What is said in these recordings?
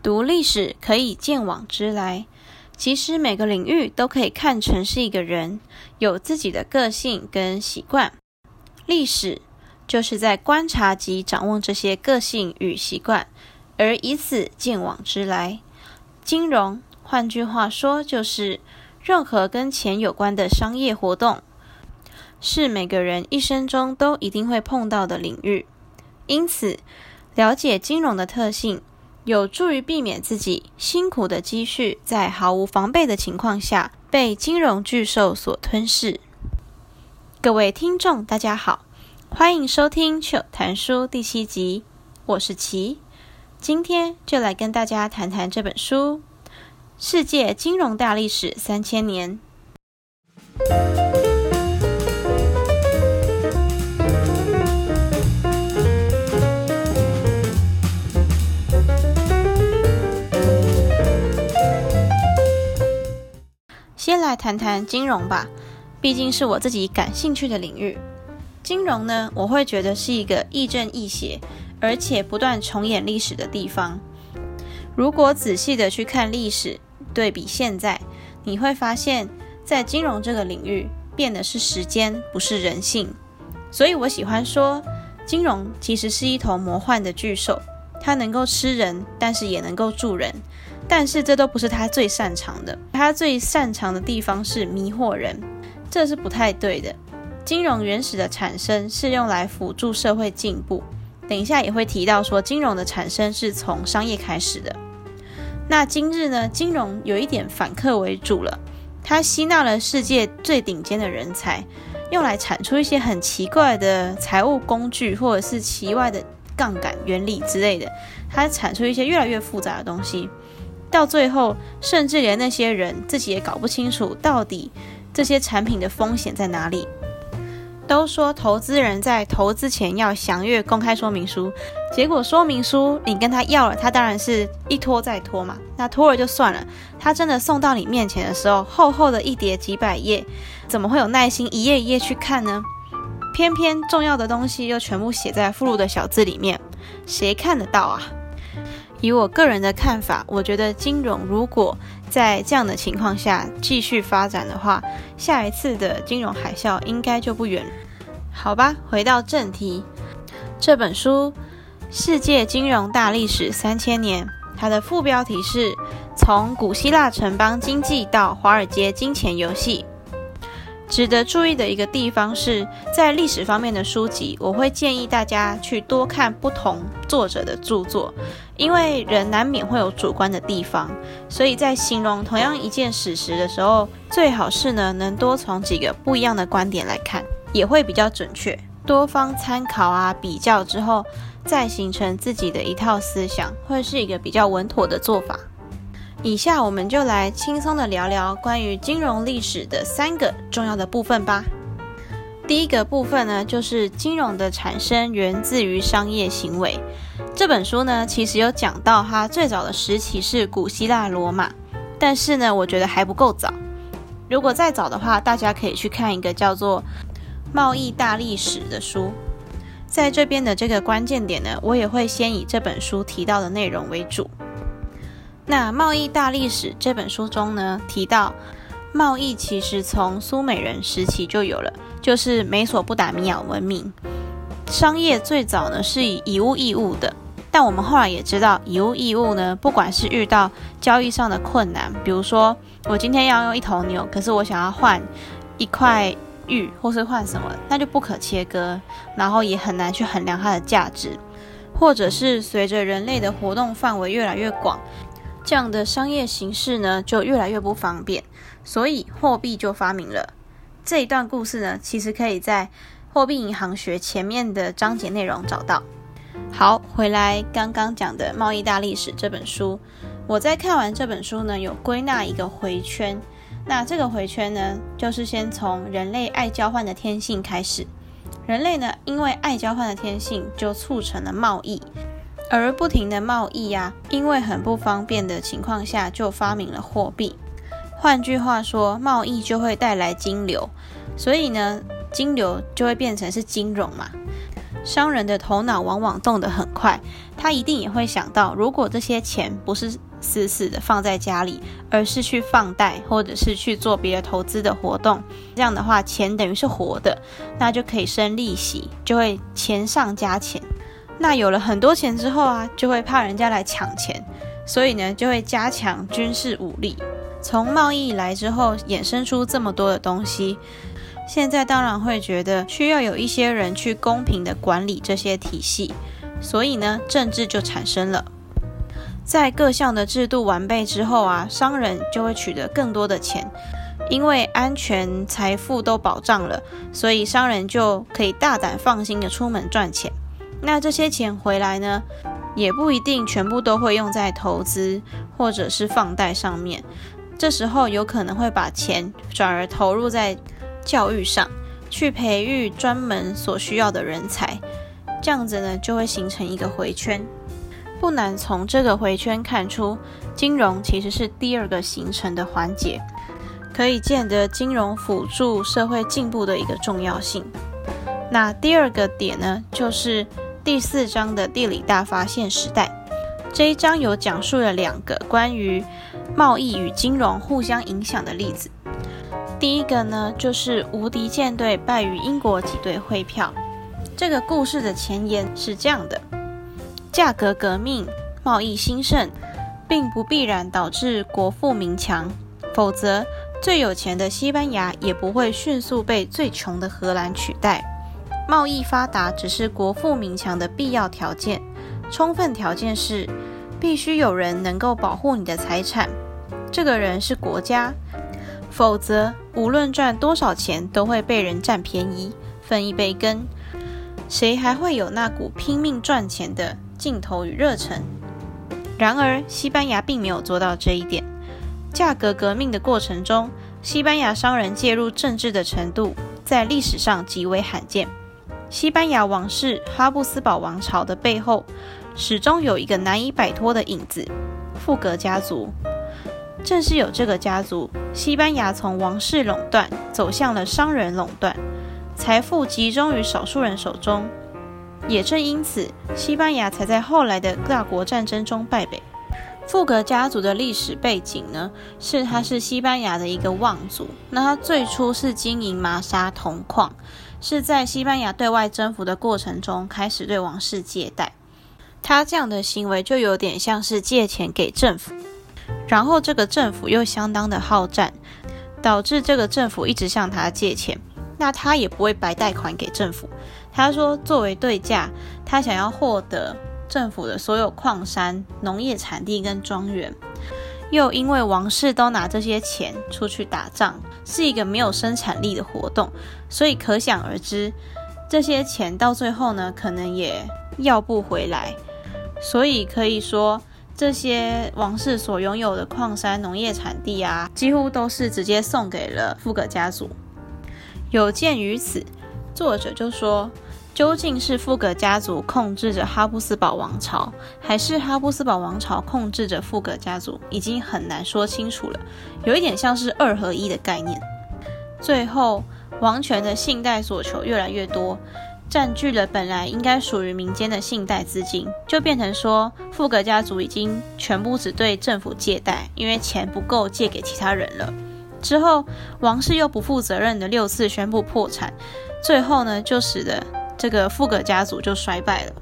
讀歷史可以鑑往知來。其實每個領域都可以看成是一個人，有自己的個性跟習慣。歷史就是在觀察及掌握這些個性與習慣，而以此鑑往知來。金融，換句話說，就是任何跟錢有關的商業活動，是每個人一生中都一定會碰到的領域。因此，了解金融的特性，有助於避免自己辛苦的積蓄在毫無防備的情況下被金融巨獸所吞噬。各位聽眾，大家好，歡迎收聽《趣談書》第七集，我是琪，今天就來跟大家談談這本書《世界金融大歷史三千年》。來談談金融吧，畢竟是我自己感興趣的領域。金融呢，我會覺得是一個亦正亦邪，而且不斷重演歷史的地方。如果仔細的去看歷史，對比現在，你會發現在金融這個領域，變的是時間，不是人性。所以我喜歡說，金融其實是一頭魔幻的巨獸，它能夠吃人，但是也能夠助人。但是這都不是他最擅長的，他最擅長的地方是迷惑人，這是不太對的。金融原始的產生是用來輔助社會進步，等一下也會提到說金融的產生是從商業開始的。那今日呢，金融有一點反客為主了，它吸納了世界最頂尖的人才，用來產出一些很奇怪的財務工具，或者是奇怪的槓桿原理之類的，它產出一些越來越複雜的東西。到最後，甚至連那些人自己也搞不清楚到底這些產品的風險在哪裡。都說投資人在投資前要詳閱公開說明書，結果說明書你跟他要了，他當然是一拖再拖嘛。那拖了就算了，他真的送到你面前的時候，厚厚的一疊幾百頁，怎麼會有耐心一頁一頁去看呢？偏偏重要的東西又全部寫在附錄的小字裡面，誰看得到啊？以我個人的看法，我覺得金融如果在這樣的情況下繼續發展的話，下一次的金融海嘯應該就不遠了。好吧，回到正題，這本書《世界金融大歷史三千年》，它的副標題是從古希臘城邦經濟到華爾街金錢遊戲。值得注意的一個地方是在歷史方面的書籍，我會建議大家去多看不同作者的著作，因為人難免會有主觀的地方，所以在形容同樣一件史實的時候，最好是呢能多從幾個不一樣的觀點來看，也會比較準確。多方參考啊，比較之後，再形成自己的一套思想，會是一個比較穩妥的做法。以下我們就來輕鬆的聊聊關於金融歷史的三個重要的部分吧。第一個部分呢，就是金融的產生源自於商業行為。這本書呢，其實有講到它最早的時期是古希臘羅馬，但是呢，我覺得還不夠早。如果再早的話，大家可以去看一個叫做《貿易大歷史》的書。在這邊的這個關鍵點呢，我也會先以這本書提到的內容為主。那《貿易大歷史》這本書中呢，提到貿易其實從蘇美人時期就有了，就是美索不達米亞文明。商業最早呢是以以物易物的，但我們後來也知道，以物易物呢，不管是遇到交易上的困難，比如說我今天要用一頭牛，可是我想要換一塊玉或是換什麼，那就不可切割，然後也很難去衡量它的價值，或者是隨着人類的活動範圍越來越廣。這樣的商業形式呢，就越來越不方便，所以貨幣就發明了。這一段故事呢，其實可以在《貨幣銀行學》前面的章節內容找到。好，回來剛剛講的《貿易大歷史》這本書，我在看完這本書呢，有歸納一個回圈。那這個回圈呢，就是先從人類愛交換的天性開始，人類呢，因為愛交換的天性，就促成了貿易。而不停的貿易呀、啊，因為很不方便的情況下，就發明了貨幣。換句話說，貿易就會帶來金流，所以呢，金流就會變成是金融嘛。商人的頭腦往往動得很快，他一定也會想到，如果這些錢不是死死的放在家裡，而是去放貸或者是去做別的投資的活動，這樣的話，錢等於是活的，那就可以生利息，就會錢上加錢。那有了很多錢之後啊，就會怕人家來搶錢，所以呢，就會加強軍事武力。從貿易以來之後，衍生出這麼多的東西，現在當然會覺得需要有一些人去公平的管理這些體系，所以呢，政治就產生了。在各項的制度完備之後啊，商人就會取得更多的錢，因為安全、財富都保障了，所以商人就可以大膽放心的出門賺錢。那這些錢回來呢，也不一定全部都會用在投資或者是放貸上面，這時候有可能會把錢轉而投入在教育上，去培育專門所需要的人才，這樣子呢，就會形成一個回圈。不難從這個回圈看出，金融其實是第二個形成的環節，可以見得金融輔助社會進步的一個重要性。那第二個點呢，就是第四章的地理大發現時代，這一章有講述了兩個關於貿易與金融互相影響的例子。第一個呢，就是無敵艦隊敗於英國擠兌匯票。這個故事的前言是這樣的：價格革命、貿易興盛，並不必然導致國富民強，否則最有錢的西班牙也不會迅速被最窮的荷蘭取代。貿易發達只是國富民強的必要條件，充分條件是必須有人能夠保護你的財產。這個人是國家，否則無論賺多少錢都會被人占便宜，分一杯羹。誰還會有那股拼命賺錢的勁頭與熱忱？然而，西班牙並沒有做到這一點。價格革命的過程中，西班牙商人介入政治的程度在歷史上極為罕見。西班牙王室哈布斯堡王朝的背後，始終有一個難以擺脫的影子——富格家族。正是有這個家族，西班牙從王室壟斷走向了商人壟斷，財富集中於少數人手中。也正因此，西班牙才在後來的大國戰爭中敗北。富格家族的歷史背景呢，是他是西班牙的一個望族。那他最初是經營麻紗銅礦，是在西班牙對外征服的過程中開始對王室借貸。他這樣的行為就有點像是借錢給政府。然後這個政府又相當的好戰，導致這個政府一直向他借錢。那他也不會白貸款給政府。他說，作為對價，他想要獲得。政府的所有礦山、農業產地跟莊園，又因為王室都拿這些錢出去打仗，是一個沒有生產力的活動，所以可想而知，這些錢到最後呢，可能也要不回來。所以可以說，這些王室所擁有的礦山、農業產地啊，幾乎都是直接送給了富格家族。有鑑於此，作者就說，究竟是富格家族控制着哈布斯堡王朝，還是哈布斯堡王朝控制着富格家族，已經很難說清楚了。有一點像是二合一的概念。最後，王權的信貸索求越來越多，佔據了本來應該屬於民間的信貸資金，就變成說富格家族已經全部只對政府借貸，因為錢不夠借給其他人了。之後，王室又不負責任的六次宣布破產，最後呢，就使得。這個富格家族就衰敗了。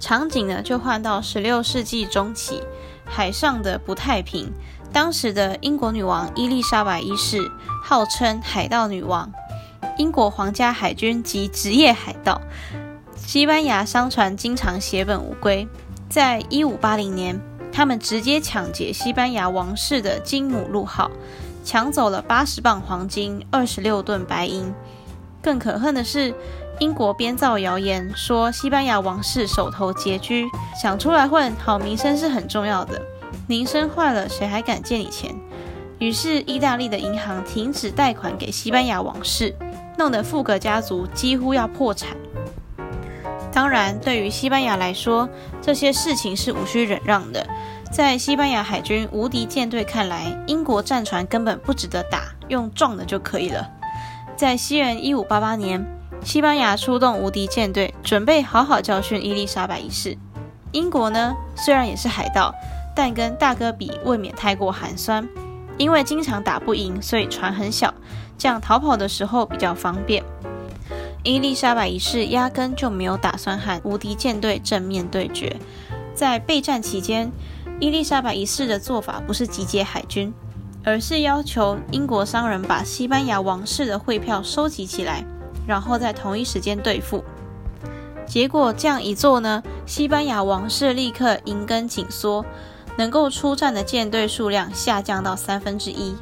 場景呢，就換到16世紀中期，海上的不太平。當時的英國女王伊麗莎白一世號稱海盜女王。英國皇家海軍及職業海盜，西班牙商船經常血本無歸。在1580年，他們直接搶劫西班牙王室的金母鹿號，搶走了八十磅黃金、二十六噸白銀。更可恨的是，英國編造謠言說西班牙王室手頭拮據，想出來混，好名聲是很重要的。名聲壞了，誰還敢借你錢？於是，意大利的銀行停止貸款給西班牙王室，弄得富格家族幾乎要破產。當然，對於西班牙來說，這些事情是無需忍讓的。在西班牙海軍無敵艦隊看來，英國戰船根本不值得打，用撞的就可以了。在西元一五八八年，西班牙出動無敵艦隊，準備好好教訓伊麗莎白一世。英國呢，雖然也是海盜，但跟大哥比未免太過寒酸。因為經常打不贏，所以船很小，這樣逃跑的時候比較方便。伊麗莎白一世壓根就沒有打算和無敵艦隊正面對決。在備戰期間，伊麗莎白一世的做法不是集結海軍。而是要求英國商人把西班牙王室的匯票收集起來，然後在同一時間兌付。結果這樣一做呢，西班牙王室立刻銀根緊縮，能夠出戰的艦隊數量下降到三分之一。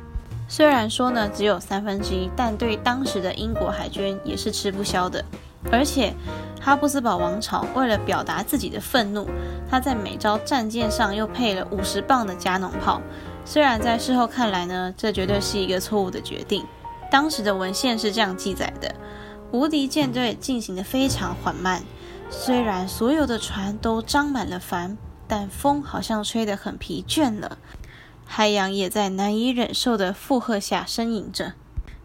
雖然說呢只有三分之一，但對當時的英國海軍也是吃不消的。而且哈布斯堡王朝為了表達自己的憤怒，他在每艘戰艦上又配了五十磅的加農炮。雖然在事後看來呢，這絕對是一個錯誤的決定。當時的文獻是這樣記載的：無敵艦隊進行得非常緩慢，雖然所有的船都張滿了帆，但風好像吹得很疲倦了，海洋也在難以忍受的負荷下呻吟着。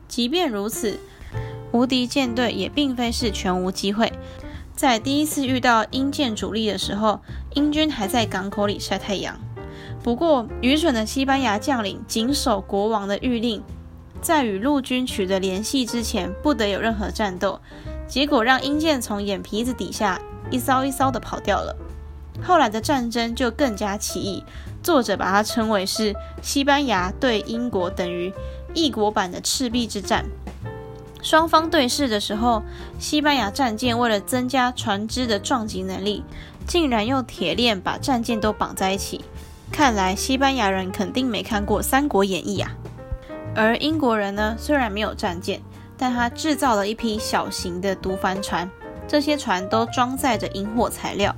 即便如此，無敵艦隊也並非是全無機會。在第一次遇到英艦主力的時候，英軍還在港口裡曬太陽。不過，愚蠢的西班牙將領謹守國王的諭令，在與陸軍取得聯繫之前，不得有任何戰鬥。結果讓英艦從眼皮子底下一艘一艘的跑掉了。後來的戰爭就更加奇異，作者把它稱為是西班牙對英國等於異國版的赤壁之戰。雙方對視的時候，西班牙戰艦為了增加船只的撞擊能力，竟然用鐵鏈把戰艦都綁在一起。看來西班牙人肯定沒看過《三國演義》啊，而英國人呢，雖然沒有戰艦，但他制造了一批小型的獨帆船，這些船都裝載着引火材料。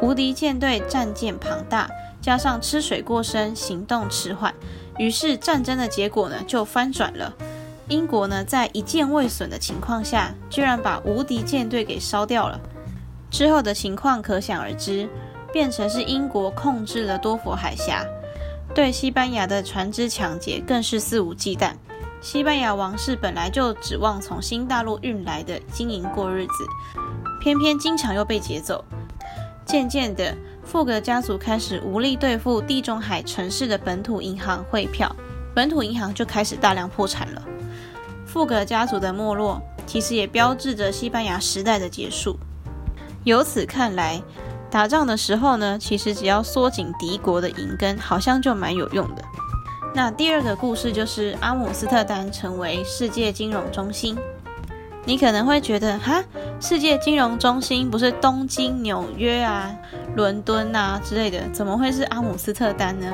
無敵艦隊戰艦龐大，加上吃水過深，行動遲緩，於是戰爭的結果呢就翻轉了。英國呢，在一艦未損的情況下，居然把無敵艦隊給燒掉了，之後的情況可想而知。變成是英國控制了多佛海峽，對西班牙的船只搶劫更是肆無忌憚。西班牙王室本來就指望從新大陸運來的金銀過日子，偏偏經常又被劫走。漸漸的，富格家族開始無力兌付地中海城市的本土銀行匯票，本土銀行就開始大量破產了。富格家族的沒落，其實也標誌着西班牙時代的結束。由此看來。打仗的時候呢，其實只要縮緊敵國的銀根，好像就蠻有用的。那第二個故事就是阿姆斯特丹成為世界金融中心。你可能會覺得，哈，世界金融中心不是東京、紐約啊、倫敦啊之類的，怎麼會是阿姆斯特丹呢？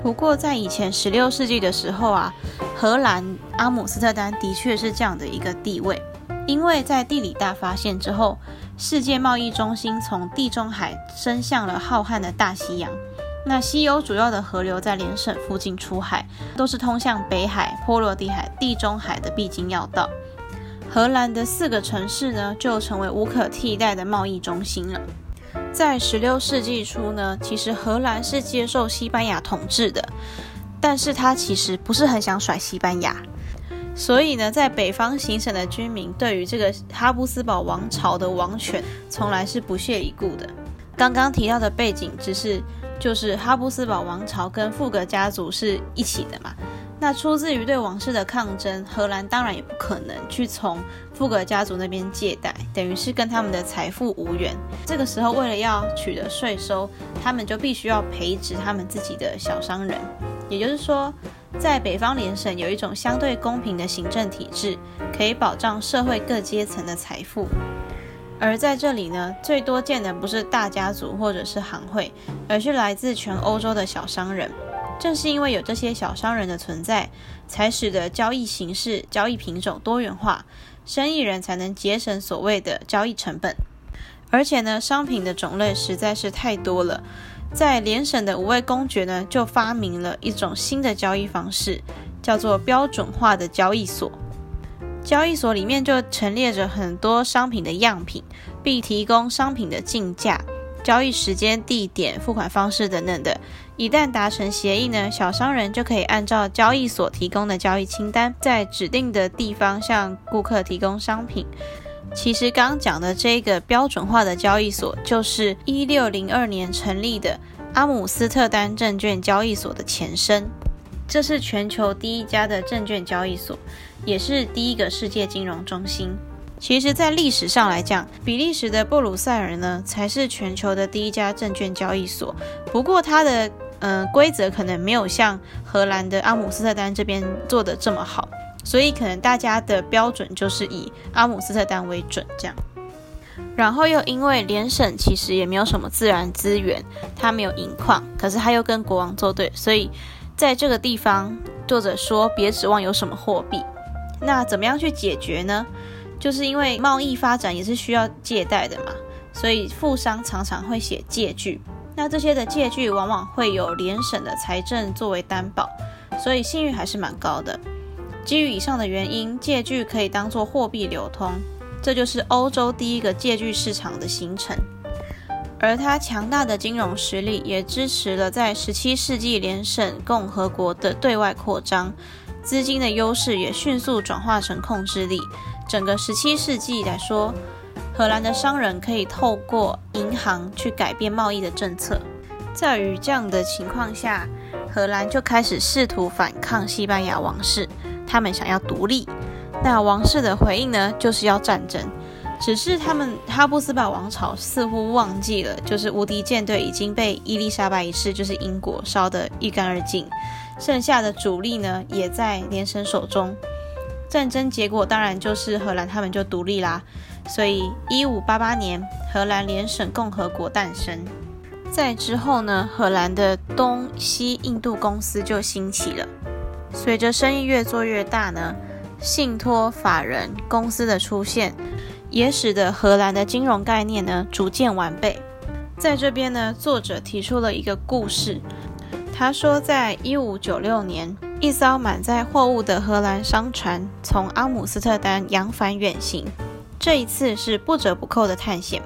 不過在以前十六世紀的時候啊，荷蘭阿姆斯特丹的確是這樣的一個地位，因為在地理大發現之後，世界貿易中心從地中海，伸向了浩瀚的大西洋。那西歐主要的河流在聯省附近出海，都是通向北海、波羅的海、地中海的必經要道。荷蘭的四個城市呢，就成為無可替代的貿易中心了。在十六世紀初呢，其實荷蘭是接受西班牙統治的，但是它其實不是很想甩西班牙。所以呢，在北方行省的居民對於這個哈布斯堡王朝的王權，從來是不屑一顧的。剛剛提到的背景只是就是哈布斯堡王朝跟富格家族是一起的嘛。那出自於對王室的抗爭，荷蘭當然也不可能去從富格家族那邊借貸，等於是跟他們的財富無緣。這個時候，為了要取得稅收，他們就必須要培植他們自己的小商人，也就是說。在北方聯省有一種相對公平的行政體制，可以保障社會各階層的財富。而在這裡呢，最多見的不是大家族或者是行會，而是來自全歐洲的小商人。正是因為有這些小商人的存在，才使得交易形式、交易品種多元化，生意人才能節省所謂的交易成本。而且呢，商品的種類實在是太多了。在聯省的五位公爵呢，就發明了一種新的交易方式，叫做標準化的交易所。交易所裡面就陳列着很多商品的樣品，並提供商品的進價、交易時間、地點、付款方式等等的。一旦達成協議呢，小商人就可以按照交易所提供的交易清單，在指定的地方向顧客提供商品。其實剛講的這個標準化的交易所，就是一六零二年成立的阿姆斯特丹證券交易所的前身，這是全球第一家的證券交易所，也是第一個世界金融中心。其實，在歷史上來講，比利時的布魯塞爾呢，才是全球的第一家證券交易所，不過它的嗯、呃、規則可能沒有像荷蘭的阿姆斯特丹這邊做的這麼好。所以可能大家的標準就是以阿姆斯特丹為準，這樣。然後又因為聯省其實也沒有什麼自然資源，它沒有銀礦，可是它又跟國王作對，所以在這個地方，作者說別指望有什麼貨幣。那怎麼樣去解決呢？就是因為貿易發展也是需要借貸的嘛，所以富商常常，常會寫借據。那這些的借據往往會有聯省的財政作為擔保，所以信譽還是蠻高的。基於以上的原因，借據可以當做貨幣流通，這就是歐洲第一個借據市場的形成。而它強大的金融實力也支持了在17世紀聯省共和國的對外擴張，資金的優勢也迅速轉化成控制力。整個17世紀來說，荷蘭的商人可以透過銀行去改變貿易的政策。在於這樣的情況下，荷蘭就開始試圖反抗西班牙王室。他們想要獨立，那王室的回應呢？就是要戰爭。只是他們哈布斯堡王朝似乎忘記了，就是無敵艦隊已經被伊麗莎白一世就是英國燒得一乾二淨，剩下的主力呢也在聯省手中。戰爭結果當然就是荷蘭他們就獨立啦。所以一五八八年，荷蘭聯省共和國誕生。在之後呢，荷蘭的東西印度公司就興起了。隨着生意越做越大呢，信託法人公司的出現，也使得荷蘭的金融概念呢逐漸完備。在這邊呢，作者提出了一個故事，他說，在一五九六年，一艘滿載貨物的荷蘭商船從阿姆斯特丹揚帆遠行，這一次是不折不扣的探險。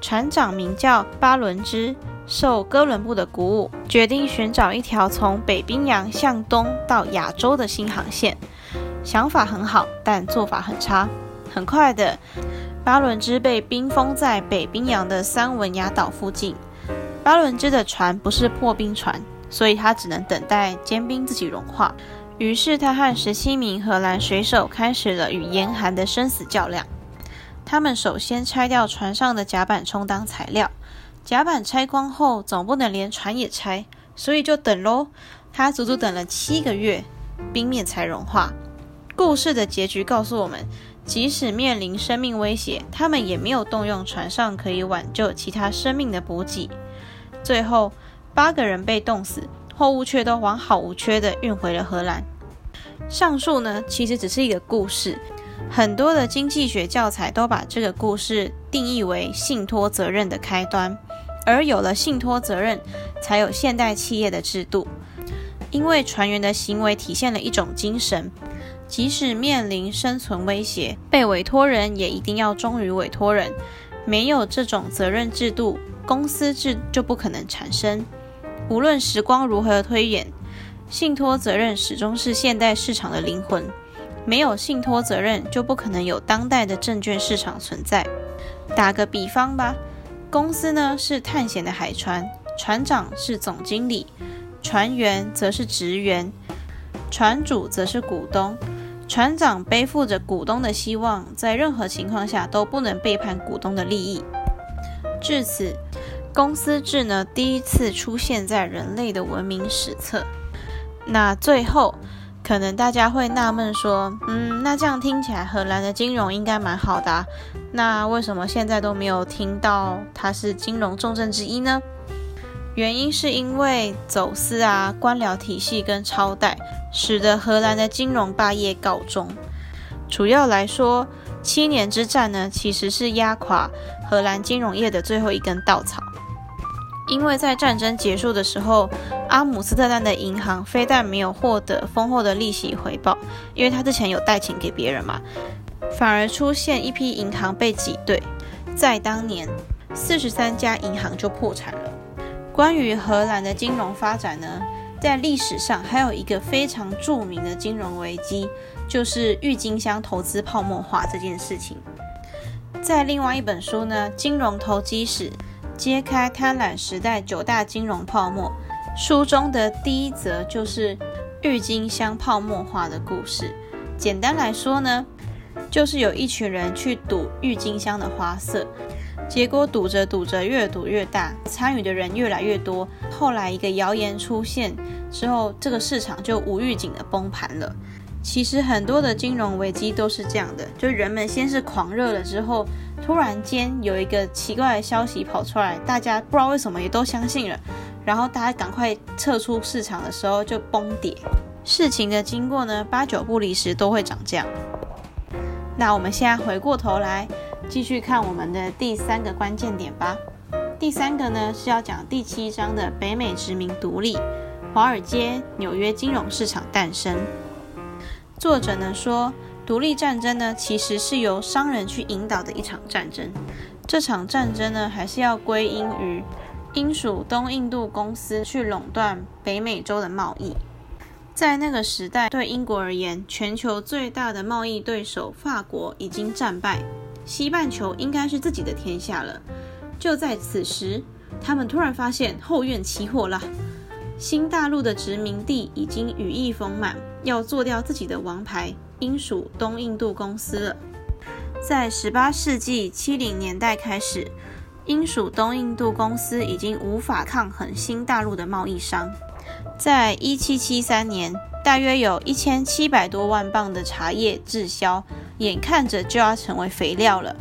船長名叫巴倫支。受哥倫布的鼓舞，決定尋找一條從北冰洋向東到亞洲的新航線。想法很好，但做法很差。很快的，巴倫支被冰封在北冰洋的三文崖島附近。巴倫支的船不是破冰船，所以他只能等待堅冰自己融化。於是他和十七名荷蘭水手開始了與嚴寒的生死較量。他們首先拆掉船上的甲板，充當材料。甲板拆光後，總不能連船也拆，所以就等咯，他足足等了七個月，冰面才融化。故事的結局告訴我們，即使面臨生命威脅，他們也沒有動用船上可以挽救其他生命的補給。最後，八個人被凍死，貨物卻都完好無缺的運回了荷蘭。上述呢，其實只是一個故事，很多的經濟學教材都把這個故事定義為信託責任的開端。而有了信託責任，才有現代企業的制度。因為船員的行為體現了一種精神，即使面臨生存威脅，被委托人也一定要忠於委托人。沒有這種責任制度，公司制就不可能產生。無論時光如何推演，信託責任始終是現代市場的靈魂。沒有信託責任，就不可能有當代的證券市場存在。打個比方吧。公司呢是探險的海船，船長是總經理，船員則是職員，船主則是股東，船長背負着股東的希望，在任何情況下都不能背叛股東的利益。至此，公司制呢第一次出現在人類的文明史冊。那最後，可能大家會納悶說，嗯，那這樣聽起來荷蘭的金融應該蠻好的啊。那為什麼現在都沒有聽到它是金融重鎮之一呢？原因是因為走私啊、官僚體系跟超貸，使得荷蘭的金融霸業告終。主要來說，七年之戰呢，其實是壓垮荷蘭金融業的最後一根稻草。因為在戰爭結束的時候，阿姆斯特丹的銀行非但沒有獲得豐厚的利息回報，因為他之前有貸錢給別人嘛。反而出現一批銀行被擠兌，在當年，四十三家銀行就破產了。關於荷蘭的金融發展呢，在歷史上還有一個非常著名的金融危機，就是鬱金香投資泡沫化這件事情。在另外一本書呢，《金融投機史：揭開貪婪時代九大金融泡沫》，書中的第一則就是鬱金香泡沫化的故事。簡單來說呢。就是有一群人去賭鬱金香的花色，結果賭着賭着越賭越大，參與的人越來越多。後來一個謠言出現之後，這個市場就無預警的崩盤了。其實很多的金融危機都是這樣的，就人們先是狂熱了，之後突然間有一個奇怪的消息跑出來，大家不知道為什麼也都相信了，然後大家趕快撤出市場的時候就崩跌。事情的經過呢，八九不離十都會長這樣。那我們現在回過頭來，繼續看我們的第三個關鍵點吧。第三個呢是要講第七章的北美殖民獨立，華爾街紐約金融市場誕生。作者呢說，獨立戰爭呢其實是由商人去引導的一場戰爭，這場戰爭呢還是要歸因於英屬東印度公司去壟斷北美洲的貿易。在那個時代，對英國而言，全球最大的貿易對手法國已經戰敗，西半球應該是自己的天下了。就在此時，他們突然發現後院起火了，新大陸的殖民地已經羽翼豐滿，要做掉自己的王牌——英屬東印度公司了。在十八世紀七零年代開始，英屬東印度公司已經無法抗衡新大陸的貿易商。在一七七三年，大約有一千七百多萬磅的茶葉滯銷，眼看着就要成為肥料了。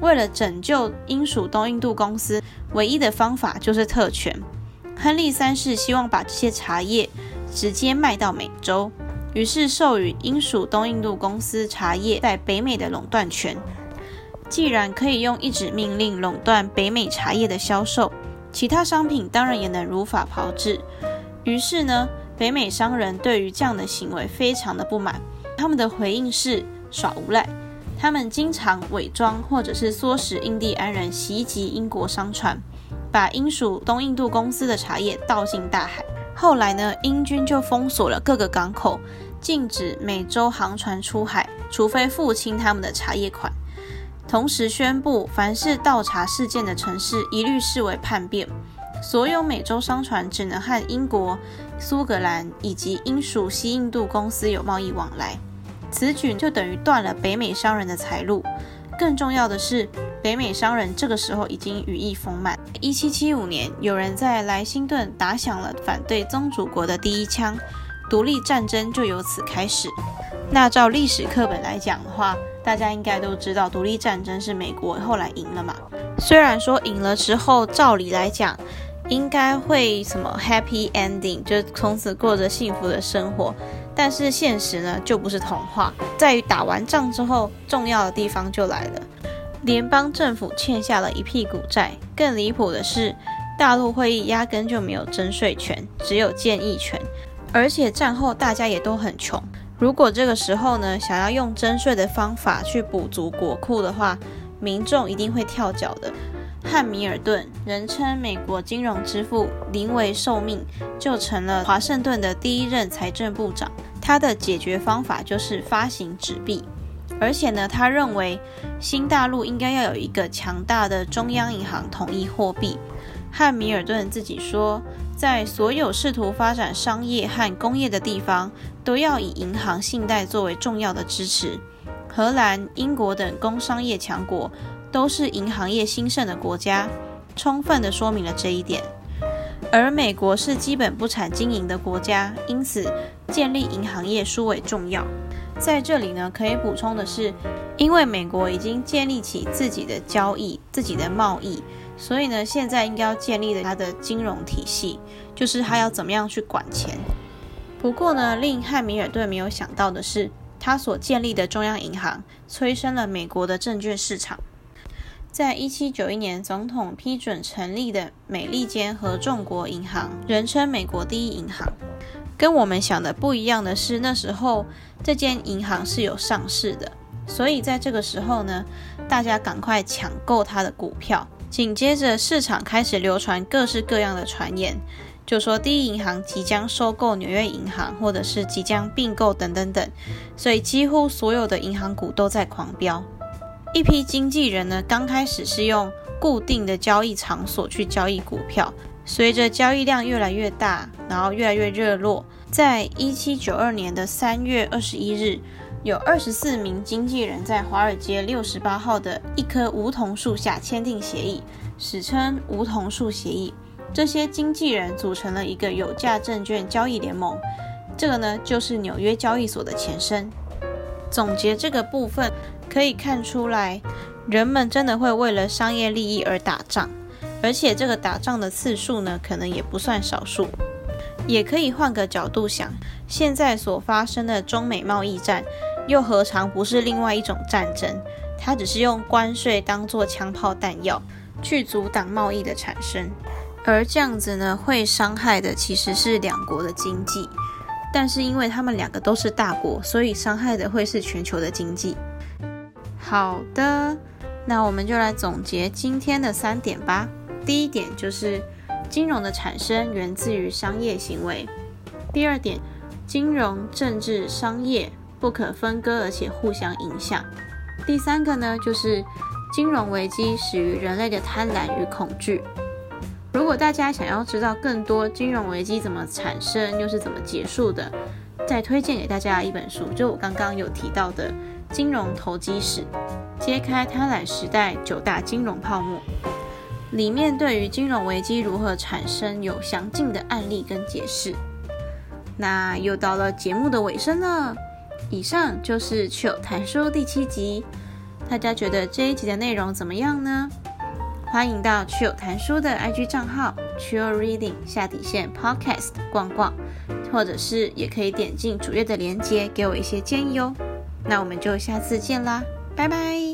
為了拯救英屬東印度公司，唯一的方法就是特權。亨利三世希望把這些茶葉直接賣到美洲，於是授予英屬東印度公司茶葉在北美的壟斷權。既然可以用一紙命令壟斷北美茶葉的銷售，其他商品當然也能如法炮製。於是呢，北美商人對於這樣的行為非常的不滿，他們的回應是耍無賴。他們經常偽裝或者是唆使印第安人襲擊英國商船，把英屬東印度公司的茶葉倒進大海。後來呢，英軍就封鎖了各個港口，禁止美洲航船出海，除非付清他們的茶葉款。同時宣布，凡是倒茶事件的城市，一律視為叛變。所有美洲商船只能和英國、蘇格蘭以及英屬西印度公司有貿易往來，此舉就等於斷了北美商人的財路。更重要的是，北美商人這個時候已經羽翼豐滿。一七七五年，有人在萊辛頓打響了反對宗主國的第一槍，獨立戰爭就由此開始。那照歷史課本來講的話，大家應該都知道，獨立戰爭是美國後來贏了嘛。雖然說贏了之後，照理來講，應該會什麼 happy ending，就從此過着幸福的生活。但是現實呢，就不是童話。在於打完仗之後，重要的地方就來了，聯邦政府欠下了一屁股債。更離譜的是，大陸會議壓根就沒有徵稅權，只有建議權。而且戰後大家也都很窮。如果這個時候呢，想要用徵稅的方法去補足國庫的話，民眾一定會跳腳的。漢米爾頓，人稱美國金融之父，臨危受命，就成了華盛頓的第一任財政部長。他的解決方法就是發行紙幣，而且呢，他認為新大陸應該要有一個強大的中央銀行統一貨幣。漢米爾頓自己說，在所有試圖發展商業和工業的地方，都要以銀行信貸作為重要的支持。荷蘭、英國等工商業強國，都是銀行業興盛的國家，充分地說明了這一點。而美國是基本不產金銀的國家，因此建立銀行業殊為重要。在這裡呢，可以補充的是，因為美國已經建立起自己的交易、自己的貿易，所以呢，現在應該要建立了它的金融體系，就是它要怎麼樣去管錢。不過呢，令漢米爾頓沒有想到的是，他所建立的中央銀行催生了美國的證券市場。在一七九一年，總統批准成立的美利堅合眾國銀行，人稱美國第一銀行。跟我們想的不一樣的是，那時候這間銀行是有上市的，所以在這個時候呢，大家趕快搶購它的股票。緊接着，市場開始流傳各式各樣的傳言，就說第一銀行即將收購紐約銀行，或者是即將併購等等等，所以幾乎所有的銀行股都在狂飆。一批經紀人呢，剛開始是用固定的交易場所去交易股票，隨着交易量越來越大，然後越來越熱絡。在一七九二年的三月二十一日，有二十四名經紀人在華爾街六十八號的一棵梧桐樹下簽訂協議，史稱“梧桐樹協議”。這些經紀人組成了一個有價證券交易聯盟，這個呢就是紐約交易所的前身。總結這個部分。可以看出來，人們真的會為了商業利益而打仗，而且這個打仗的次數呢，可能也不算少數。也可以換個角度想，現在所發生的中美貿易戰，又何嘗不是另外一種戰爭？它只是用關稅當做槍炮彈藥，去阻擋貿易的產生。而這樣子呢，會傷害的其實是兩國的經濟，但是因為他們兩個都是大國，所以傷害的會是全球的經濟。好的，那我們就來總結今天的三點吧。第一點就是，金融的產生源自於商業行為。第二點，金融、政治、商業不可分割，而且互相影響。第三個呢，就是金融危機始於人類的貪婪與恐懼。如果大家想要知道更多金融危機怎麼產生，又是怎麼結束的，再推薦給大家一本書，就我剛剛有提到的。金融投機史，揭開貪婪時代九大金融泡沫，裡面對於金融危機如何產生有詳盡的案例跟解釋。那又到了節目的尾聲了，以上就是趣友談書第七集，大家覺得這一集的內容怎麼樣呢？歡迎到趣友談書的 IG 賬號趣友 Reading 下底線 Podcast 逛逛，或者是也可以點進主頁的鏈接，給我一些建議哦。那我們就下次見啦，拜拜。